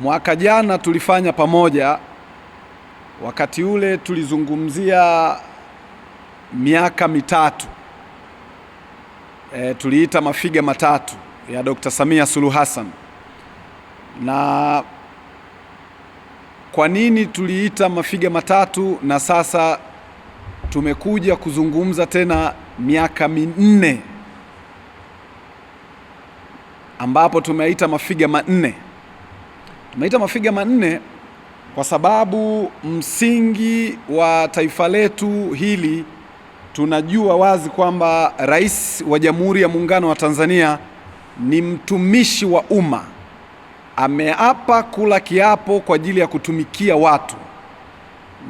Mwaka jana tulifanya pamoja, wakati ule tulizungumzia miaka mitatu e, tuliita mafiga matatu ya Dr. Samia Suluhu Hassan. Na kwa nini tuliita mafiga matatu na sasa tumekuja kuzungumza tena miaka minne ambapo tumeita mafiga manne? Tumeita mafiga manne kwa sababu msingi wa taifa letu hili tunajua wazi kwamba Rais wa Jamhuri ya Muungano wa Tanzania ni mtumishi wa umma. Ameapa kula kiapo kwa ajili ya kutumikia watu,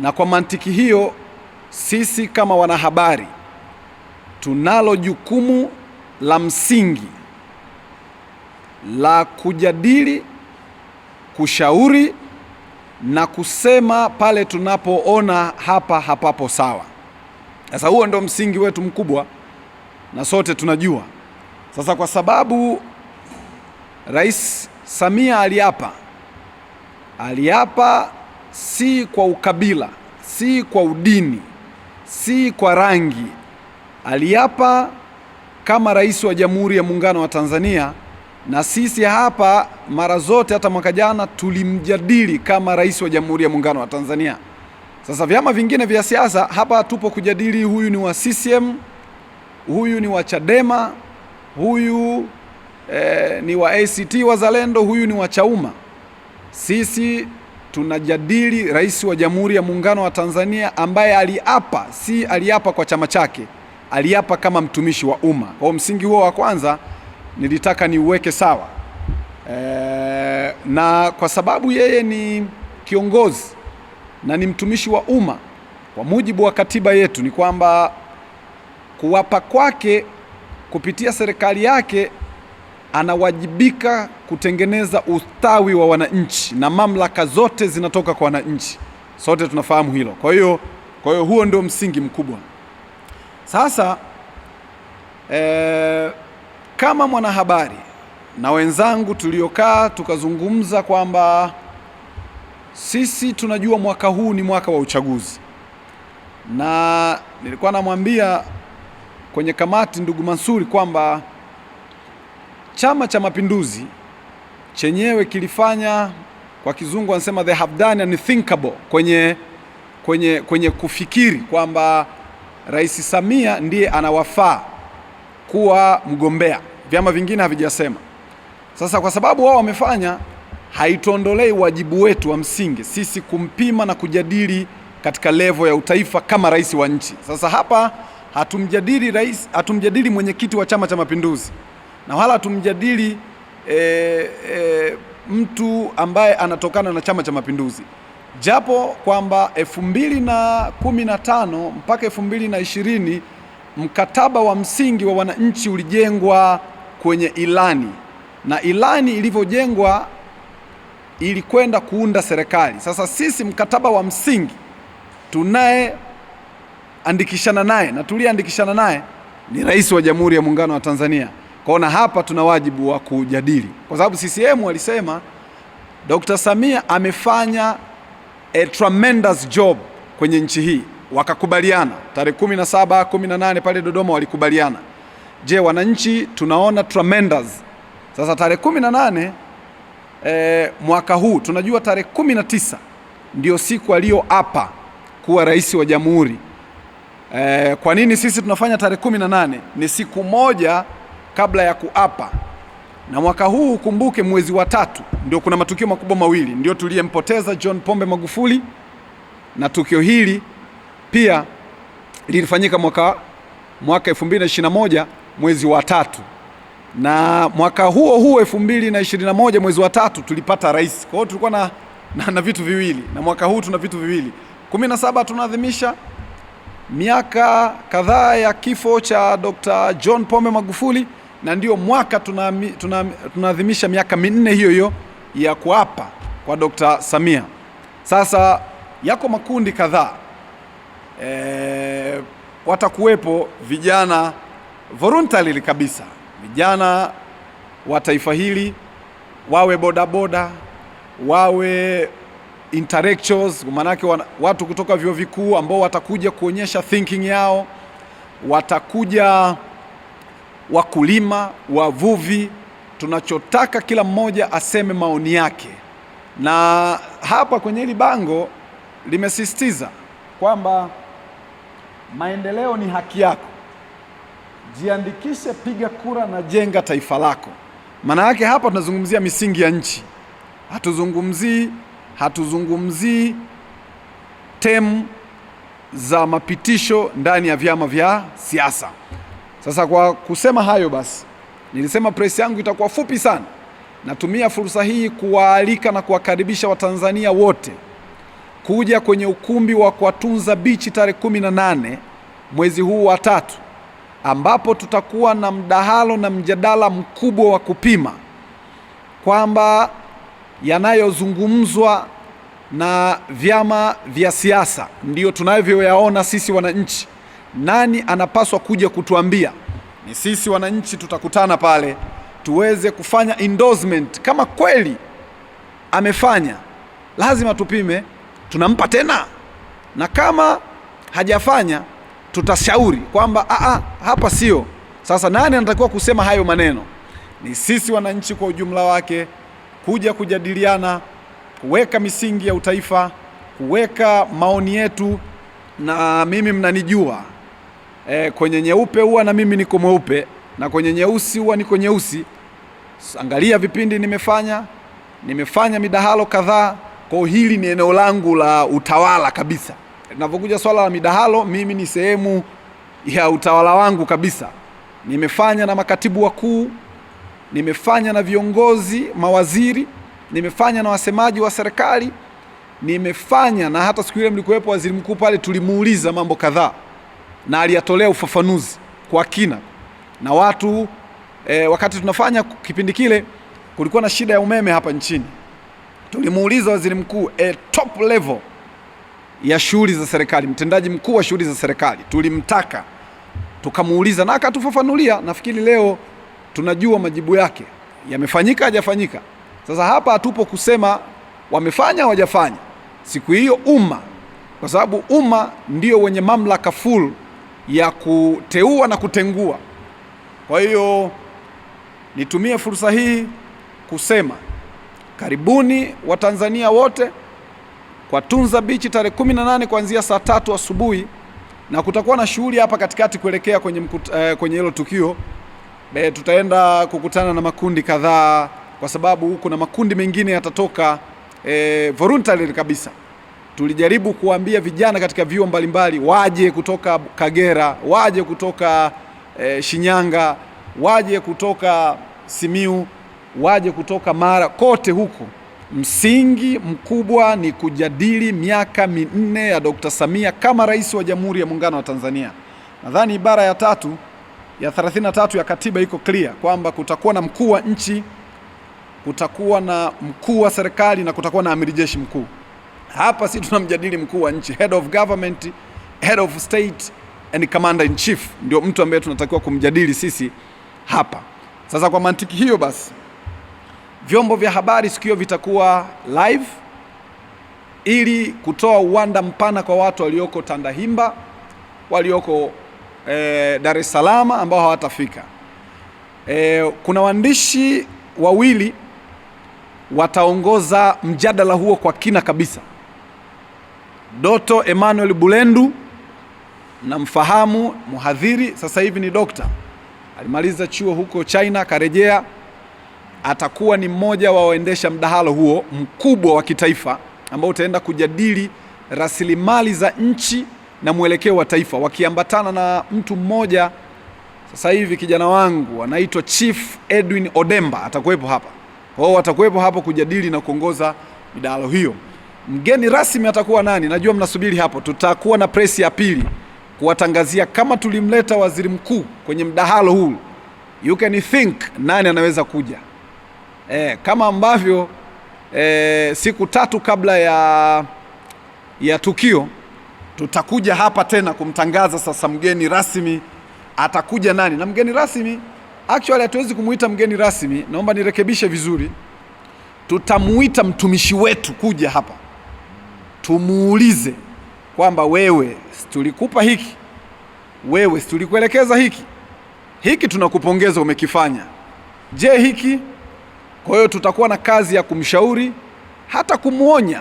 na kwa mantiki hiyo sisi kama wanahabari tunalo jukumu la msingi la kujadili kushauri na kusema pale tunapoona hapa hapapo sawa. Sasa huo ndo msingi wetu mkubwa na sote tunajua. Sasa kwa sababu Rais Samia aliapa, aliapa si kwa ukabila, si kwa udini, si kwa rangi, aliapa kama rais wa Jamhuri ya Muungano wa Tanzania na sisi hapa mara zote, hata mwaka jana tulimjadili kama rais wa Jamhuri ya Muungano wa Tanzania. Sasa vyama vingine vya siasa hapa tupo kujadili, huyu ni wa CCM, huyu ni wa Chadema, huyu eh, ni wa ACT Wazalendo, huyu ni wa Chauma. Sisi tunajadili rais wa Jamhuri ya Muungano wa Tanzania ambaye aliapa, si aliapa kwa chama chake, aliapa kama mtumishi wa umma. Kwa msingi huo wa kwanza nilitaka niuweke sawa e, na kwa sababu yeye ni kiongozi na ni mtumishi wa umma kwa mujibu wa katiba yetu ni kwamba kuwapa kwake kupitia serikali yake anawajibika kutengeneza ustawi wa wananchi na mamlaka zote zinatoka kwa wananchi. Sote tunafahamu hilo. Kwa hiyo kwa hiyo huo ndio msingi mkubwa. Sasa eh, kama mwanahabari na wenzangu tuliokaa tukazungumza kwamba sisi tunajua mwaka huu ni mwaka wa uchaguzi, na nilikuwa namwambia kwenye kamati ndugu Mansuri kwamba Chama cha Mapinduzi chenyewe kilifanya kwa kizungu anasema they have done and thinkable kwenye, kwenye, kwenye kufikiri kwamba Rais Samia ndiye anawafaa kuwa mgombea vyama vingine havijasema. Sasa kwa sababu wao wamefanya, haituondolei wajibu wetu wa msingi sisi kumpima na kujadili katika levo ya utaifa kama rais wa nchi. Sasa hapa hatumjadili rais, hatumjadili mwenyekiti wa Chama cha Mapinduzi na wala hatumjadili e, e, mtu ambaye anatokana na Chama cha Mapinduzi, japo kwamba 2015 mpaka 2020 mkataba wa msingi wa wananchi ulijengwa kwenye ilani, na ilani ilivyojengwa ilikwenda kuunda serikali. Sasa sisi mkataba wa msingi tunayeandikishana naye na tuliyeandikishana naye ni Rais wa Jamhuri ya Muungano wa Tanzania. Kwaona hapa tuna wajibu wa kujadili, kwa sababu CCM alisema Dr. Samia amefanya a tremendous job kwenye nchi hii, wakakubaliana tarehe 17 18 pale Dodoma walikubaliana. Je, wananchi tunaona tremendous. Sasa tarehe 18 e, eh, mwaka huu tunajua tarehe 19 ndio siku aliyoapa kuwa rais wa jamhuri. e, kwa nini sisi tunafanya tarehe 18? Ni siku moja kabla ya kuapa, na mwaka huu ukumbuke, mwezi wa tatu ndio kuna matukio makubwa mawili, ndio tuliyempoteza John Pombe Magufuli, na tukio hili pia lilifanyika mwaka mwaka 2021 mwezi wa tatu, na mwaka huo huo moja mwezi wa tatu tulipata rais. Kwa hiyo tulikuwa na, na, na vitu viwili, na mwaka huu tuna vitu viwili. 17 tunaadhimisha miaka kadhaa ya kifo cha Dr. John Pombe Magufuli, na ndio mwaka tunaadhimisha miaka minne hiyo hiyo ya kuapa kwa Dr. Samia. Sasa yako makundi kadhaa e, watakuwepo vijana voluntarily kabisa vijana wa taifa hili wawe bodaboda wawe intellectuals, maanake watu kutoka vyuo vikuu ambao watakuja kuonyesha thinking yao, watakuja wakulima, wavuvi. Tunachotaka kila mmoja aseme maoni yake, na hapa kwenye hili bango limesisitiza kwamba maendeleo ni haki yako jiandikishe, piga kura na jenga taifa lako. Maana yake hapa tunazungumzia misingi ya nchi, hatuzungumzii hatuzungumzii temu za mapitisho ndani ya vyama vya siasa. Sasa kwa kusema hayo basi, nilisema press yangu itakuwa fupi sana. Natumia fursa hii kuwaalika na kuwakaribisha Watanzania wote kuja kwenye ukumbi wa Kwatunza Beach tarehe 18 mwezi huu wa tatu ambapo tutakuwa na mdahalo na mjadala mkubwa wa kupima kwamba yanayozungumzwa na vyama vya siasa ndiyo tunavyoyaona sisi wananchi. Nani anapaswa kuja kutuambia? Ni sisi wananchi. Tutakutana pale tuweze kufanya endorsement. Kama kweli amefanya, lazima tupime, tunampa tena, na kama hajafanya tutashauri kwamba a ah, a ah, hapa sio. Sasa nani anatakiwa kusema hayo maneno? Ni sisi wananchi kwa ujumla wake, kuja kujadiliana, kuweka misingi ya utaifa, kuweka maoni yetu, na mimi mnanijua e, kwenye nyeupe huwa na mimi niko mweupe na kwenye nyeusi huwa niko nyeusi. Angalia vipindi nimefanya, nimefanya midahalo kadhaa. Kwa hili ni eneo langu la utawala kabisa. Linavyokuja swala la midahalo, mimi ni sehemu ya utawala wangu kabisa. Nimefanya na makatibu wakuu, nimefanya na viongozi, mawaziri, nimefanya na wasemaji wa serikali, nimefanya na hata siku ile mlikuwepo waziri mkuu pale, tulimuuliza mambo kadhaa na aliyatolea ufafanuzi kwa kina na watu e, wakati tunafanya kipindi kile kulikuwa na shida ya umeme hapa nchini. Tulimuuliza waziri mkuu e, top level ya shughuli za serikali, mtendaji mkuu wa shughuli za serikali, tulimtaka tukamuuliza na akatufafanulia. Nafikiri leo tunajua majibu yake, yamefanyika hajafanyika. Sasa hapa hatupo kusema wamefanya hawajafanya, siku hiyo umma, kwa sababu umma ndio wenye mamlaka full ya kuteua na kutengua. Kwa hiyo nitumie fursa hii kusema karibuni Watanzania wote kwa Tunza Beach tarehe 18 kuanzia saa tatu asubuhi, na kutakuwa na shughuli hapa katikati kuelekea kwenye mkut, eh, kwenye hilo tukio Be, tutaenda kukutana na makundi kadhaa kwa sababu kuna makundi mengine yatatoka eh, voluntarily kabisa. Tulijaribu kuambia vijana katika vyuo mbalimbali waje kutoka Kagera, waje kutoka eh, Shinyanga, waje kutoka Simiu, waje kutoka Mara, kote huku Msingi mkubwa ni kujadili miaka minne ya Dr. Samia kama rais wa Jamhuri ya Muungano wa Tanzania. Nadhani ibara ya tatu ya 33 ya katiba iko clear kwamba kutakuwa na mkuu wa nchi, kutakuwa na mkuu wa serikali na kutakuwa na amiri jeshi mkuu. Hapa si tunamjadili mkuu wa nchi, head of government, head of state and commander in chief, ndio mtu ambaye tunatakiwa kumjadili sisi hapa. Sasa kwa mantiki hiyo basi vyombo vya habari siku hiyo vitakuwa live ili kutoa uwanda mpana kwa watu walioko Tandahimba, walioko e, Dar es Salaam ambao hawatafika. E, kuna waandishi wawili wataongoza mjadala huo kwa kina kabisa. Doto Emmanuel Bulendu namfahamu, mhadhiri, sasa hivi ni dokta, alimaliza chuo huko China akarejea atakuwa ni mmoja wa waendesha mdahalo huo mkubwa wa kitaifa ambao utaenda kujadili rasilimali za nchi na mwelekeo wa taifa, wakiambatana na mtu mmoja sasa hivi kijana wangu anaitwa Chief Edwin Odemba atakuwepo hapa. Kwa hiyo atakuwepo hapo kujadili na kuongoza midahalo hiyo. Mgeni rasmi atakuwa nani? Najua mnasubiri hapo. Tutakuwa na presi ya pili kuwatangazia kama tulimleta waziri mkuu kwenye mdahalo huu. You can think nani anaweza kuja eh, kama ambavyo eh, siku tatu kabla ya, ya tukio tutakuja hapa tena kumtangaza sasa mgeni rasmi atakuja nani, na mgeni rasmi actually hatuwezi kumuita mgeni rasmi, naomba nirekebishe vizuri, tutamuita mtumishi wetu kuja hapa tumuulize kwamba wewe, situlikupa hiki, wewe, situlikuelekeza hiki, hiki tunakupongeza umekifanya, je hiki kwa hiyo tutakuwa na kazi ya kumshauri hata kumwonya,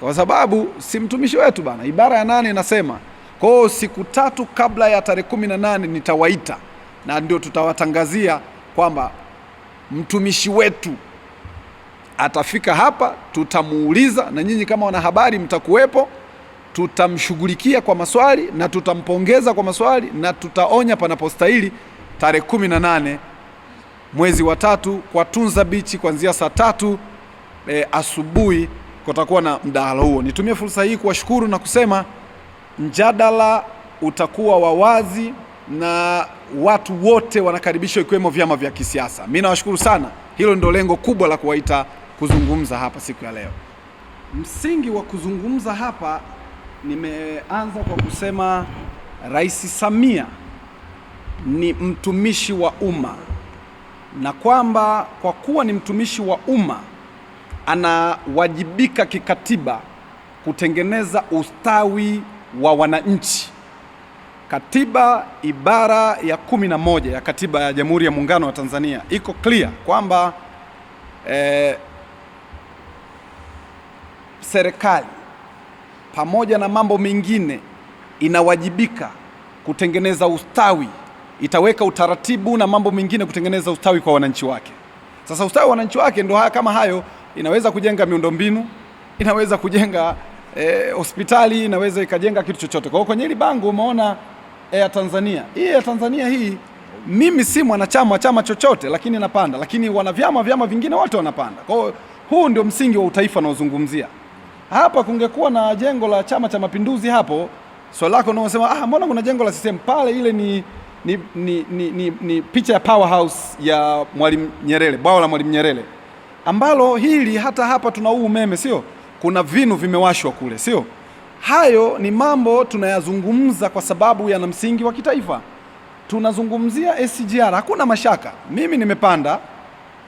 kwa sababu si mtumishi wetu bana. Ibara ya nane inasema kwa hiyo siku tatu kabla ya tarehe kumi na nane nitawaita na ndio tutawatangazia kwamba mtumishi wetu atafika hapa, tutamuuliza na nyinyi kama wanahabari mtakuwepo, tutamshughulikia kwa maswali na tutampongeza kwa maswali na tutaonya panapostahili tarehe kumi na nane mwezi wa tatu kwa Tunza Beach kuanzia saa tatu e, asubuhi kutakuwa na mdahalo huo. Nitumie fursa hii kuwashukuru na kusema mjadala utakuwa wa wazi na watu wote wanakaribishwa ikiwemo vyama vya kisiasa. Mimi nawashukuru sana, hilo ndio lengo kubwa la kuwaita kuzungumza hapa siku ya leo. Msingi wa kuzungumza hapa, nimeanza kwa kusema Rais Samia ni mtumishi wa umma na kwamba kwa kuwa ni mtumishi wa umma anawajibika kikatiba kutengeneza ustawi wa wananchi. Katiba ibara ya kumi na moja ya katiba ya Jamhuri ya Muungano wa Tanzania iko clear kwamba eh, serikali pamoja na mambo mengine inawajibika kutengeneza ustawi itaweka utaratibu na mambo mengine kutengeneza ustawi kwa wananchi wake. Sasa ustawi wa wananchi wake ndio haya kama hayo, inaweza kujenga miundombinu, inaweza kujenga eh, hospitali inaweza ikajenga kitu chochote. Kwa hiyo kwenye hili bango umeona eh, ya Tanzania hii ya Tanzania hii, mimi si mwanachama wa chama chochote, lakini napanda, lakini wana vyama vyama vingine wote wanapanda. Kwa hiyo huu ndio msingi wa utaifa naozungumzia hapa. Kungekuwa na jengo la Chama cha Mapinduzi hapo, swali lako unaosema ah, mbona kuna jengo la CCM pale, ile ni ni, ni, ni, ni, ni picha ya powerhouse ya Mwalimu Nyerere, bwawa la Mwalimu Nyerere ambalo hili hata hapa tuna huu umeme, sio? Kuna vinu vimewashwa kule, sio? Hayo ni mambo tunayazungumza kwa sababu yana msingi wa kitaifa. Tunazungumzia SGR, hakuna mashaka. Mimi nimepanda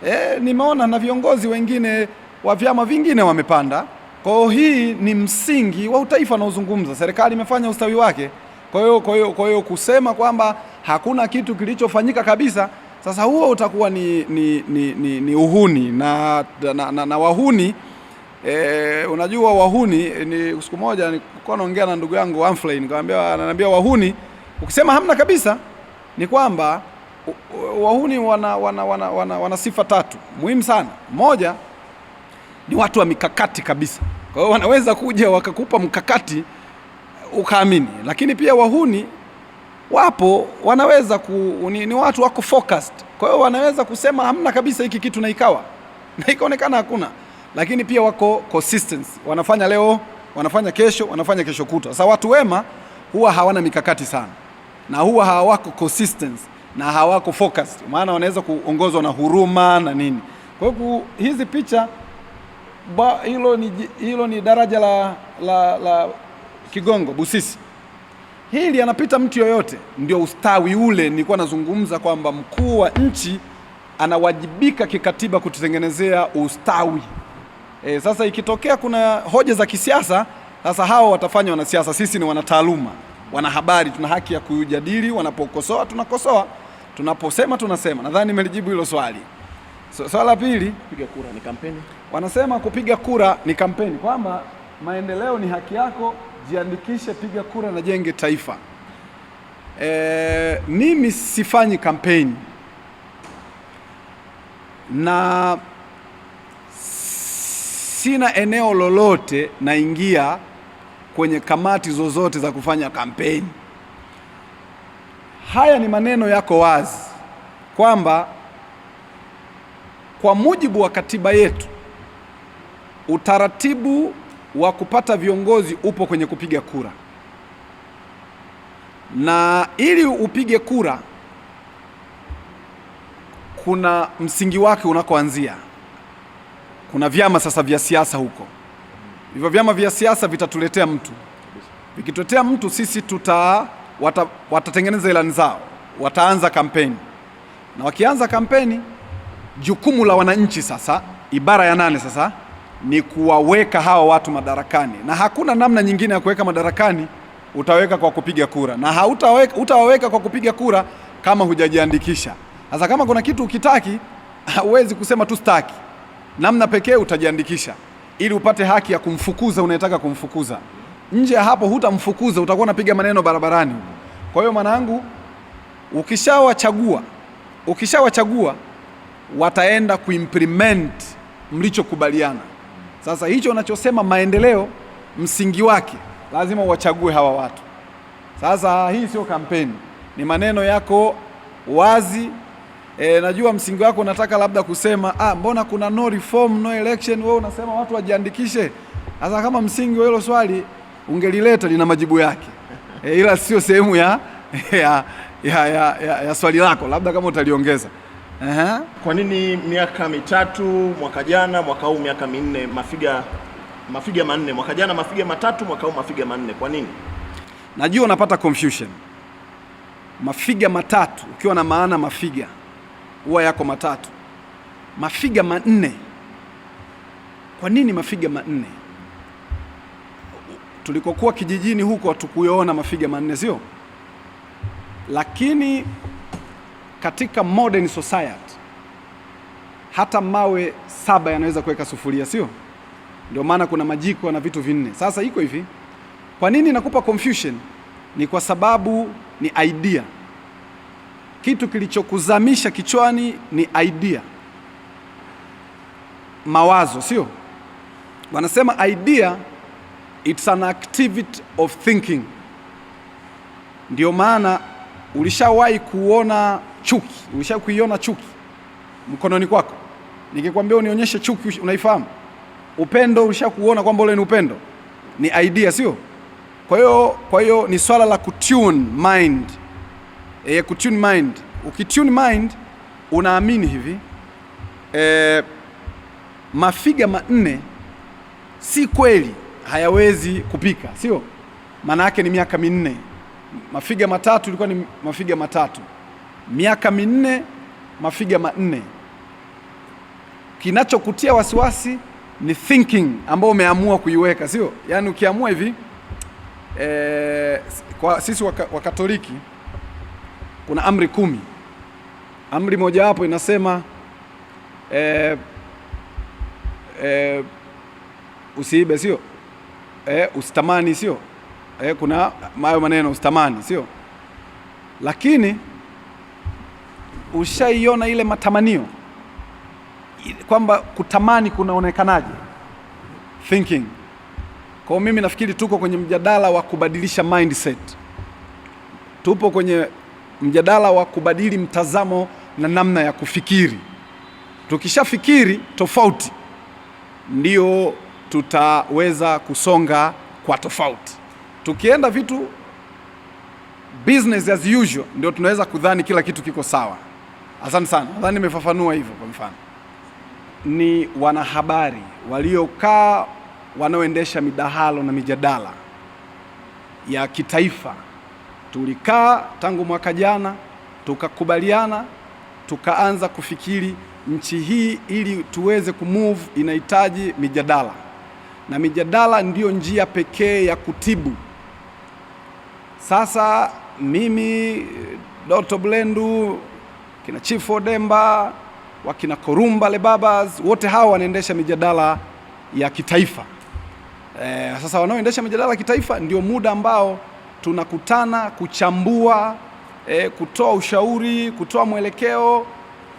e, nimeona na viongozi wengine wa vyama vingine wamepanda. Kwa hiyo hii ni msingi wa utaifa unaozungumza, serikali imefanya ustawi wake. Kwa hiyo kwa hiyo kwa hiyo kusema kwamba hakuna kitu kilichofanyika kabisa, sasa huo utakuwa ni, ni, ni, ni, ni uhuni na, na, na, na wahuni e, unajua wahuni ni, siku moja nilikuwa naongea na ndugu yangu Humphrey nikamwambia, ananiambia wahuni ukisema hamna kabisa ni kwamba wahuni wana, wana, wana, wana, wana sifa tatu muhimu sana. Moja ni watu wa mikakati kabisa, kwa hiyo wanaweza kuja wakakupa mkakati ukaamini. Lakini pia wahuni wapo, wanaweza ku, ni, ni watu wako focused, kwa hiyo wanaweza kusema hamna kabisa hiki kitu na ikawa na ikaonekana hakuna, lakini pia wako consistent, wanafanya leo, wanafanya kesho, wanafanya kesho kutwa. Sasa watu wema huwa hawana mikakati sana na huwa hawako consistent na hawako focused, maana wanaweza kuongozwa na huruma na nini. Kwa hiyo hizi picha hilo ni, hilo ni daraja la, la, la Kigongo Busisi, hili anapita mtu yoyote, ndio ustawi ule nilikuwa nazungumza kwamba mkuu wa nchi anawajibika kikatiba kututengenezea ustawi. E, sasa ikitokea kuna hoja za kisiasa, sasa hawa watafanya wanasiasa. Sisi ni wanataaluma, wanahabari, tuna haki ya kujadili. Wanapokosoa tunakosoa, tunaposema tunasema. Nadhani nimelijibu hilo swali. So, swala la pili, kupiga kura ni kampeni. Wanasema kupiga kura ni kampeni, kwamba maendeleo ni haki yako jiandikishe, piga kura na jenge taifa. E, mimi sifanyi kampeni na sina eneo lolote naingia kwenye kamati zozote za kufanya kampeni. Haya ni maneno yako wazi kwamba kwa mujibu wa katiba yetu utaratibu wa kupata viongozi upo kwenye kupiga kura, na ili upige kura kuna msingi wake unakoanzia. Kuna vyama sasa vya siasa huko, hivyo vyama vya siasa vitatuletea mtu, vikituletea mtu sisi tuta wata, watatengeneza ilani zao, wataanza kampeni, na wakianza kampeni, jukumu la wananchi sasa, ibara ya nane sasa ni kuwaweka hawa watu madarakani, na hakuna namna nyingine ya kuweka madarakani utaweka kwa kupiga kura, na hautaweka utawaweka kwa kupiga kura kama hujajiandikisha. Sasa kama kuna kitu ukitaki, huwezi kusema tu staki. Namna pekee utajiandikisha ili upate haki ya kumfukuza unayetaka kumfukuza. Nje ya hapo hutamfukuza, utakuwa unapiga maneno barabarani. Kwa hiyo mwanangu, ukishawachagua ukishawachagua wataenda kuimplement mlichokubaliana. Sasa hicho unachosema maendeleo, msingi wake lazima uwachague hawa watu. Sasa hii sio kampeni, ni maneno yako wazi. E, najua msingi wako unataka labda kusema ah, mbona kuna no reform no election, wewe unasema watu wajiandikishe. Sasa kama msingi wa hilo swali ungelileta lina majibu yake e, ila sio sehemu ya, ya, ya, ya, ya, ya swali lako, labda kama utaliongeza uh -huh. Kwa nini miaka mitatu mwaka jana, mwaka huu miaka minne, mafiga mafiga manne? Mwaka jana mafiga matatu, mwaka huu mafiga manne, kwa nini? Najua unapata confusion. Mafiga matatu ukiwa na maana mafiga huwa yako matatu, mafiga manne. Kwa nini mafiga manne? Tulikokuwa kijijini huko hatukuyaona mafiga manne, sio? Lakini katika modern society hata mawe saba yanaweza kuweka sufuria, sio? Ndio maana kuna majiko na vitu vinne. Sasa iko hivi, kwa nini nakupa confusion? Ni kwa sababu ni idea, kitu kilichokuzamisha kichwani ni idea, mawazo, sio? Wanasema idea it's an activity of thinking, ndio maana Ulishawahi kuona chuki? Ulishawahi kuiona chuki mkononi kwako? Nikikwambia unionyeshe chuki, unaifahamu? Upendo, ulisha kuona kwamba ule ni upendo? Ni idea, sio? Kwa hiyo kwa hiyo ni swala la kutune mind. E, kutune mind. Ukitune mind unaamini hivi e, mafiga manne si kweli hayawezi kupika, sio? Maana yake ni miaka minne mafiga matatu, ilikuwa ni mafiga matatu, miaka minne mafiga manne. Kinachokutia wasiwasi ni thinking ambao umeamua kuiweka, sio? Yaani ukiamua hivi e, kwa sisi Wakatoliki katoliki kuna amri kumi. Amri mojawapo inasema e, e, usiibe, sio? E, usitamani, sio? eh, kuna hayo maneno usitamani sio? Lakini ushaiona ile matamanio kwamba kutamani kunaonekanaje? Thinking. Kwa mimi nafikiri tuko kwenye mjadala wa kubadilisha mindset. Tupo kwenye mjadala wa kubadili mtazamo na namna ya kufikiri. Tukishafikiri tofauti, ndio tutaweza kusonga kwa tofauti. Tukienda vitu business as usual, ndio tunaweza kudhani kila kitu kiko sawa. Asante sana, nadhani nimefafanua hivyo. Kwa mfano, ni wanahabari waliokaa wanaoendesha midahalo na mijadala ya kitaifa, tulikaa tangu mwaka jana tukakubaliana, tukaanza kufikiri nchi hii ili tuweze kumove inahitaji mijadala, na mijadala ndiyo njia pekee ya kutibu sasa mimi Doto Blendu, kina Chief Odemba, wakina Korumba Lebabas, wote hawa wanaendesha mijadala ya kitaifa. E, sasa wanaoendesha mijadala ya kitaifa ndio muda ambao tunakutana kuchambua, e, kutoa ushauri, kutoa mwelekeo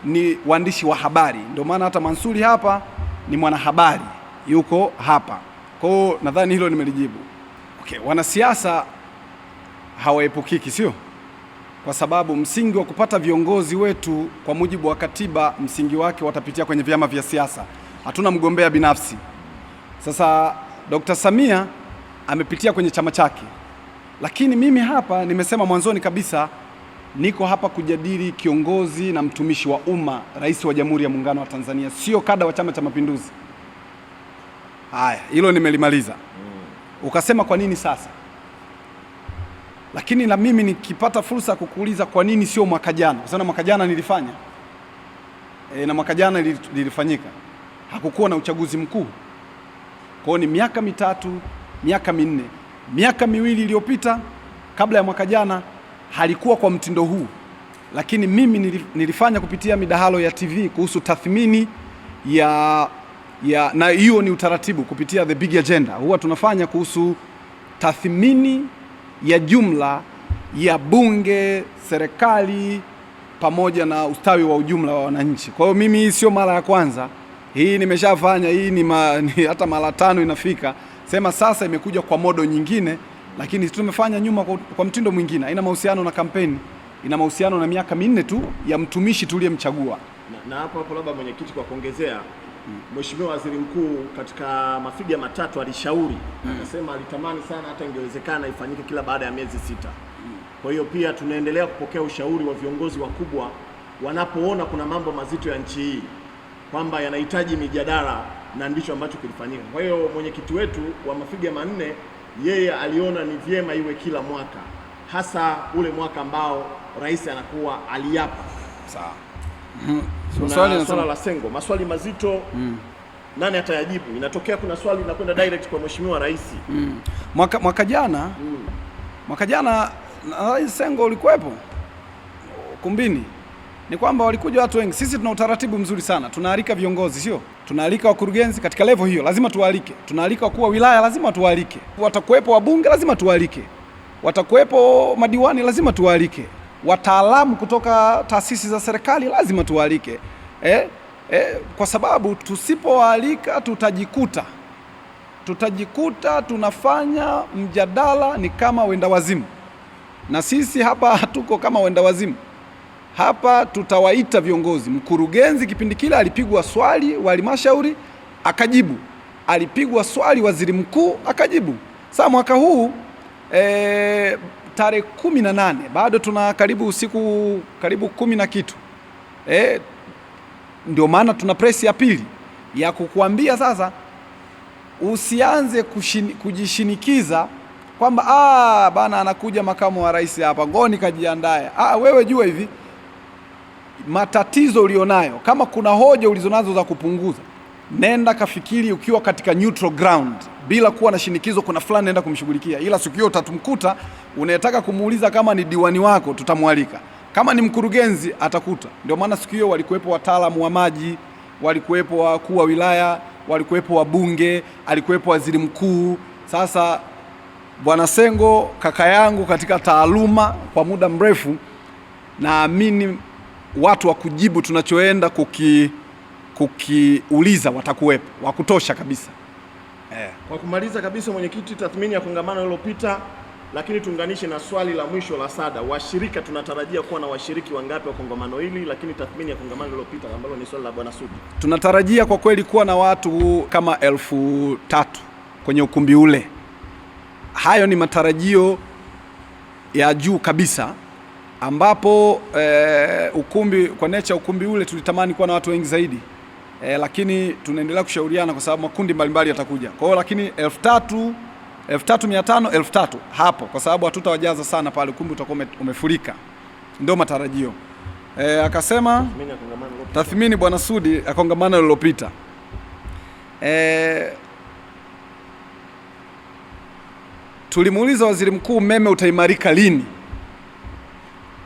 ni waandishi wa habari. Ndio maana hata Mansuri hapa ni mwanahabari, yuko hapa. Kwa nadhani hilo nimelijibu. Okay, wanasiasa hawaepukiki, sio kwa sababu msingi wa kupata viongozi wetu kwa mujibu wa katiba, msingi wake watapitia kwenye vyama vya siasa. Hatuna mgombea binafsi. Sasa Dr. Samia amepitia kwenye chama chake, lakini mimi hapa nimesema mwanzoni kabisa niko hapa kujadili kiongozi na mtumishi wa umma, rais wa Jamhuri ya Muungano wa Tanzania, sio kada wa Chama cha Mapinduzi. Haya, hilo nimelimaliza. Mm. Ukasema kwa nini sasa lakini na mimi nikipata fursa ya kukuuliza kwa nini sio mwaka jana, kwa sababu mwaka jana nilifanya e, na mwaka jana lilifanyika, hakukuwa na uchaguzi mkuu. Kwa hiyo ni miaka mitatu, miaka minne, miaka miwili iliyopita kabla ya mwaka jana halikuwa kwa mtindo huu, lakini mimi nilifanya kupitia midahalo ya TV kuhusu tathmini ya, ya na hiyo ni utaratibu kupitia The Big Agenda huwa tunafanya kuhusu tathmini ya jumla ya bunge, serikali pamoja na ustawi wa ujumla wa wananchi. Kwa hiyo mimi hii sio mara ya kwanza, hii nimeshafanya hii ni, ma, ni hata mara tano inafika, sema sasa imekuja kwa modo nyingine, lakini tumefanya nyuma kwa, kwa mtindo mwingine. Haina mahusiano na kampeni, ina mahusiano na miaka minne tu ya mtumishi tuliyemchagua. Na hapo hapo labda mwenyekiti, kwa kuongezea Mheshimiwa Waziri Mkuu katika mafiga matatu alishauri mm. Akasema alitamani sana hata ingewezekana ifanyike kila baada ya miezi sita mm. Kwa hiyo pia tunaendelea kupokea ushauri wa viongozi wakubwa wanapoona kuna mambo mazito ya nchi hii kwamba yanahitaji mijadala na ndicho ambacho kilifanyika. Kwa hiyo mwenyekiti wetu wa mafiga manne yeye aliona ni vyema iwe kila mwaka, hasa ule mwaka ambao rais anakuwa aliapa. Sawa mm. swala la Sengo, maswali mazito mm. Nani atayajibu? Inatokea kuna swali linakwenda direct kwa mheshimiwa rais mm. mwaka, mwaka jana mm. mwaka jana nadhani Sengo ulikuwepo kumbini. Ni kwamba walikuja watu wengi. Sisi tuna utaratibu mzuri sana, tunaalika viongozi, sio tunaalika wakurugenzi katika levo hiyo, lazima tuwaalike. Tunaalika wakuu wa wilaya, lazima tuwaalike. Watakuwepo wabunge, lazima tuwaalike. Watakuwepo madiwani, lazima tuwaalike wataalamu kutoka taasisi za serikali lazima tuwalike eh, eh, kwa sababu tusipowaalika tutajikuta tutajikuta tunafanya mjadala ni kama wenda wazimu, na sisi hapa hatuko kama wenda wazimu. Hapa tutawaita viongozi. Mkurugenzi kipindi kile alipigwa swali wa halmashauri akajibu, alipigwa swali waziri mkuu akajibu. Sasa mwaka huu e, tarehe kumi na nane bado tuna karibu siku karibu kumi na kitu e, ndio maana tuna presi ya pili ya kukuambia sasa usianze kushini, kujishinikiza kwamba ah, bana anakuja makamu wa rais hapa ngoni kajiandaye. Ah, wewe jua hivi matatizo ulionayo, kama kuna hoja ulizonazo za kupunguza nenda kafikiri ukiwa katika neutral ground bila kuwa na shinikizo, kuna fulani naenda kumshughulikia. Ila siku hiyo utatumkuta unayetaka kumuuliza, kama ni diwani wako tutamwalika, kama ni mkurugenzi atakuta. Ndio maana siku hiyo walikuwepo wataalamu wa maji, walikuwepo wakuu wa wilaya, walikuwepo wabunge, alikuwepo waziri mkuu. Sasa Bwana Sengo, kaka yangu katika taaluma kwa muda mrefu, naamini watu wa kujibu tunachoenda kuki kukiuliza watakuwepo wa kutosha kabisa eh. Kwa kumaliza kabisa, mwenyekiti, tathmini ya kongamano lililopita, lakini tuunganishe na swali la mwisho la sada, washirika tunatarajia kuwa na washiriki wangapi wa kongamano hili, lakini tathmini ya kongamano lililopita ambalo ni swali la bwana Sudi, tunatarajia kwa kweli kuwa na watu kama elfu tatu kwenye ukumbi ule. Hayo ni matarajio ya juu kabisa ambapo eh, ukumbi kwa necha ukumbi ule tulitamani kuwa na watu wengi zaidi e, lakini tunaendelea kushauriana kwa sababu makundi mbalimbali yatakuja. Kwa hiyo lakini elfu tatu elfu tatu mia tano elfu tatu hapo, kwa sababu hatutawajaza sana pale, ukumbi utakuwa umefurika, ndio matarajio e, akasema tathmini Bwana Sudi ya kongamano lililopita e, tulimuuliza waziri mkuu, umeme utaimarika lini?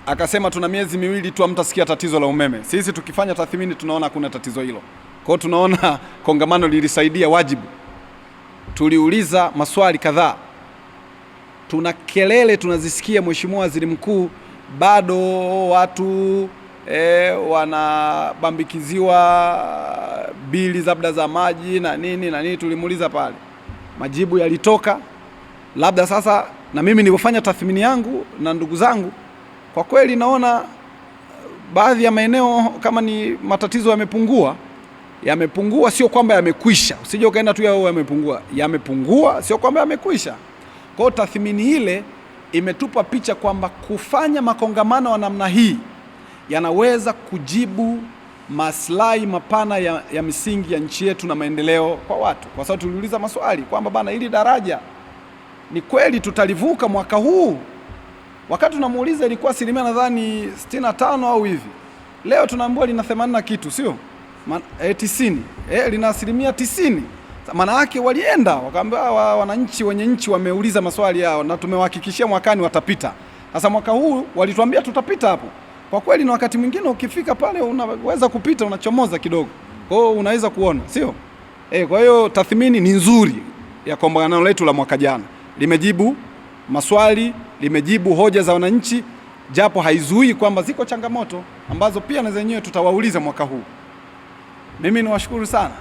Akasema tuna miezi miwili tu, hamtasikia tatizo la umeme. Sisi tukifanya tathmini tunaona hakuna tatizo hilo. Kwa hiyo tunaona kongamano lilisaidia wajibu. Tuliuliza maswali kadhaa. Tuna kelele tunazisikia, Mheshimiwa Waziri Mkuu, bado watu e, wanabambikiziwa bili labda za maji na nini na nini. Tulimuuliza pale, majibu yalitoka. Labda sasa na mimi nilipofanya tathmini yangu na ndugu zangu, kwa kweli naona baadhi ya maeneo kama ni matatizo yamepungua yamepungua, sio kwamba yamekwisha. Usije ukaenda tu yao yamepungua, yamepungua sio kwamba yamekwisha. Kwa hiyo tathmini ile imetupa picha kwamba kufanya makongamano ya namna hii yanaweza kujibu maslahi mapana ya, ya misingi ya nchi yetu na maendeleo kwa watu, kwa sababu tuliuliza maswali kwamba bana, ili daraja ni kweli tutalivuka mwaka huu? Wakati tunamuuliza ilikuwa asilimia nadhani 65 au hivi, leo tunaambiwa lina 80 kitu, sio? e, tisini e, lina asilimia tisini. Maana yake walienda wakaambia wa, wananchi wenye nchi wameuliza maswali yao na tumewahakikishia mwakani watapita. Sasa mwaka huu walituambia tutapita hapo. Kwa kweli na wakati mwingine ukifika pale unaweza kupita, unachomoza kidogo. Kwa hiyo unaweza kuona, sio? E, kwa hiyo tathmini ni nzuri ya kongamano letu la mwaka jana. Limejibu maswali, limejibu hoja za wananchi, japo haizuii kwamba ziko changamoto ambazo pia na zenyewe tutawauliza mwaka huu. Mimi niwashukuru sana.